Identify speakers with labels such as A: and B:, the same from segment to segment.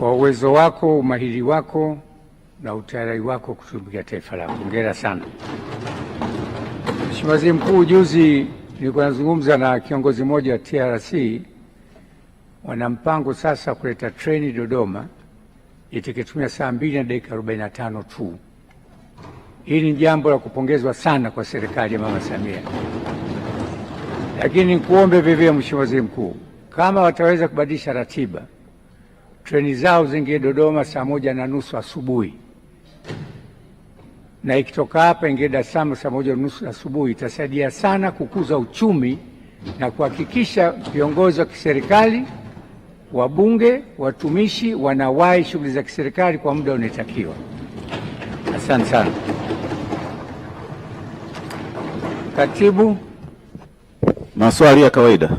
A: kwa uwezo wako, umahiri wako na utayari wako kutumikia taifa lako. Hongera sana. Mheshimiwa Waziri Mkuu, juzi nilikuwa nazungumza na kiongozi mmoja wa TRC, wana mpango sasa kuleta treni Dodoma itakayotumia saa mbili na dakika 45 tu. Hili ni jambo la kupongezwa sana kwa serikali ya Mama Samia, lakini nikuombe vivyo, Mheshimiwa Waziri Mkuu, kama wataweza kubadilisha ratiba treni zao zingie Dodoma saa moja na nusu asubuhi na ikitoka hapa ingie Dar es Salaam saa moja na nusu asubuhi, itasaidia sana kukuza uchumi na kuhakikisha viongozi wa kiserikali, wabunge, watumishi wanawahi shughuli za kiserikali kwa muda unaotakiwa. Asante sana katibu.
B: Maswali ya kawaida.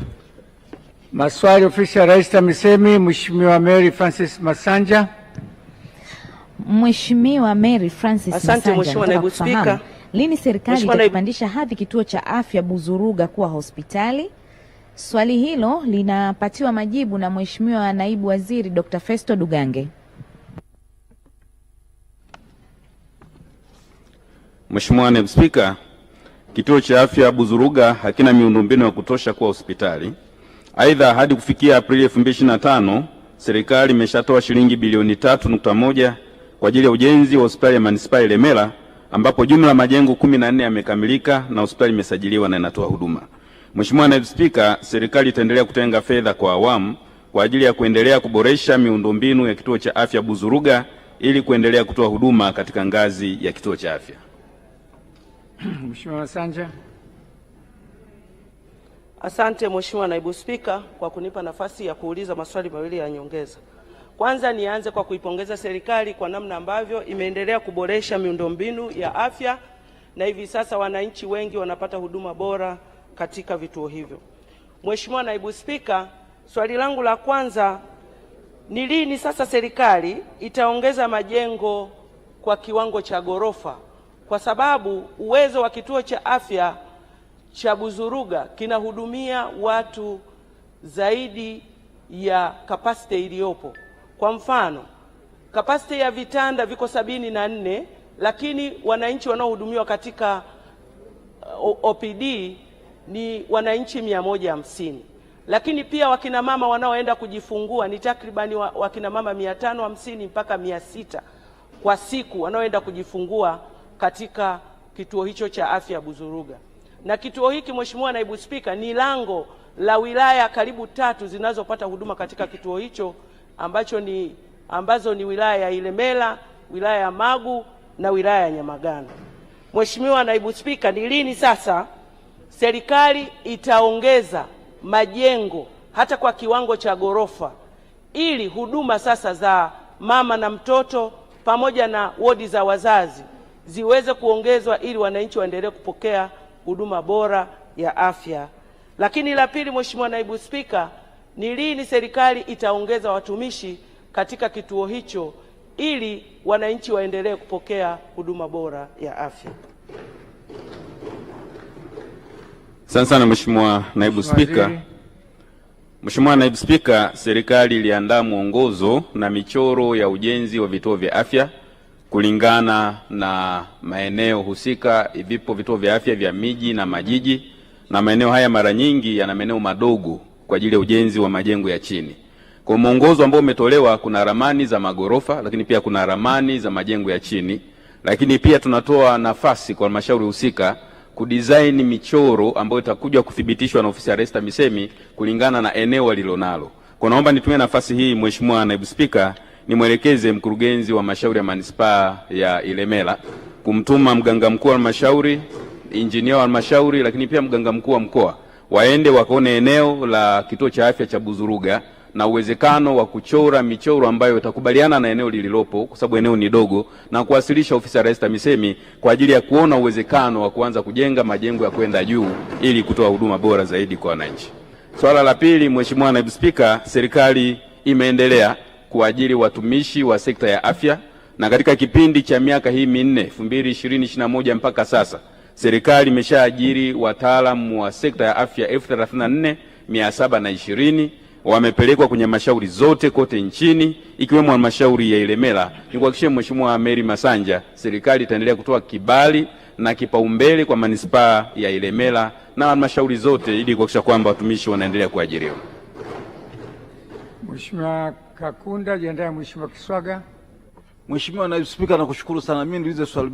A: Maswali ofisi ya Rais TAMISEMI, Mheshimiwa Mary Francis Masanja.
C: Mheshimiwa Mary Francis
D: Asante Mheshimiwa Naibu Spika.
C: Lini serikali itakipandisha hadhi kituo cha afya Buzuruga kuwa hospitali? Swali hilo linapatiwa majibu na Mheshimiwa Naibu Waziri Dr. Festo Dugange.
E: Mheshimiwa Naibu Spika, kituo cha afya Buzuruga hakina miundombinu ya kutosha kuwa hospitali. Aidha, hadi kufikia Aprili 2025 serikali imeshatoa shilingi bilioni 3.1 kwa ajili ya ujenzi wa hospitali ya manispaa Ilemela ambapo jumla majengo 14 yamekamilika na hospitali imesajiliwa na inatoa huduma. Mheshimiwa Naibu Spika, serikali itaendelea kutenga fedha kwa awamu kwa ajili ya kuendelea kuboresha miundombinu ya kituo cha afya Buzuruga ili kuendelea kutoa huduma katika ngazi ya kituo cha afya.
A: Mheshimiwa Sanja
F: Asante Mheshimiwa Naibu Spika kwa kunipa nafasi ya kuuliza maswali mawili ya nyongeza. Kwanza nianze kwa kuipongeza serikali kwa namna ambavyo imeendelea kuboresha miundombinu ya afya na hivi sasa wananchi wengi wanapata huduma bora katika vituo hivyo. Mheshimiwa Naibu Spika, swali langu la kwanza ni lini sasa serikali itaongeza majengo kwa kiwango cha ghorofa, kwa sababu uwezo wa kituo cha afya cha Buzuruga kinahudumia watu zaidi ya kapasite iliyopo. Kwa mfano, kapasite ya vitanda viko sabini na nne, lakini wananchi wanaohudumiwa katika uh, OPD ni wananchi mia moja hamsini lakini pia wakinamama wanaoenda kujifungua ni takribani wakinamama mia tano hamsini mpaka mia sita kwa siku wanaoenda kujifungua katika kituo hicho cha afya Buzuruga na kituo hiki Mheshimiwa Naibu Spika, ni lango la wilaya karibu tatu zinazopata huduma katika kituo hicho ambacho ni ambazo ni wilaya ya Ilemela, wilaya ya Magu na wilaya ya Nyamagana. Mheshimiwa Naibu Spika, ni lini sasa serikali itaongeza majengo hata kwa kiwango cha ghorofa ili huduma sasa za mama na mtoto pamoja na wodi za wazazi ziweze kuongezwa ili wananchi waendelee kupokea huduma bora ya afya. Lakini la pili, Mheshimiwa Naibu Spika, ni lini serikali itaongeza watumishi katika kituo hicho ili wananchi waendelee kupokea huduma bora ya afya?
B: Asante sana Mheshimiwa Naibu Spika.
E: Mheshimiwa Naibu Spika, serikali iliandaa mwongozo na michoro ya ujenzi wa vituo vya afya kulingana na maeneo husika. Vipo vituo vya afya vya miji na majiji, na maeneo haya mara nyingi yana maeneo madogo kwa ajili ya ujenzi wa majengo ya chini. Kwa mwongozo ambao umetolewa, kuna ramani za magorofa, lakini pia kuna ramani za majengo ya chini, lakini pia tunatoa nafasi kwa halmashauri husika kudesign michoro ambayo itakuja kuthibitishwa na ofisi ya Rais TAMISEMI kulingana na eneo walilonalo. Kwa naomba nitumie nafasi hii Mheshimiwa Naibu Spika nimwelekeze mkurugenzi wa mashauri ya manispaa ya Ilemela kumtuma mganga mkuu wa halmashauri, injinia wa halmashauri, lakini pia mganga mkuu wa mkoa waende wakaone eneo la kituo cha afya cha Buzuruga na uwezekano wa kuchora michoro ambayo itakubaliana na eneo lililopo kwa sababu eneo ni dogo, na kuwasilisha ofisi ya Rais TAMISEMI kwa ajili ya kuona uwezekano wa kuanza kujenga majengo ya kwenda juu ili kutoa huduma bora zaidi kwa wananchi. Swala la pili, Mheshimiwa Naibu Spika, serikali imeendelea kuajiri watumishi wa sekta ya afya, na katika kipindi cha miaka hii minne 2020-2021 mpaka sasa serikali imeshaajiri wataalamu wa sekta ya afya elfu 34720 wamepelekwa kwenye halmashauri zote kote nchini ikiwemo halmashauri ya Ilemela. Nikuhakikishie Mheshimiwa Mary Masanja, serikali itaendelea kutoa kibali na kipaumbele kwa manispaa ya Ilemela na halmashauri zote ili kuhakikisha kwamba watumishi wanaendelea kuajiriwa.
A: Mheshimiwa Kakunda Jendaya, Mheshimiwa Kiswaga.
E: Mheshimiwa Naibu Spika, nakushukuru sana. Mimi niulize swali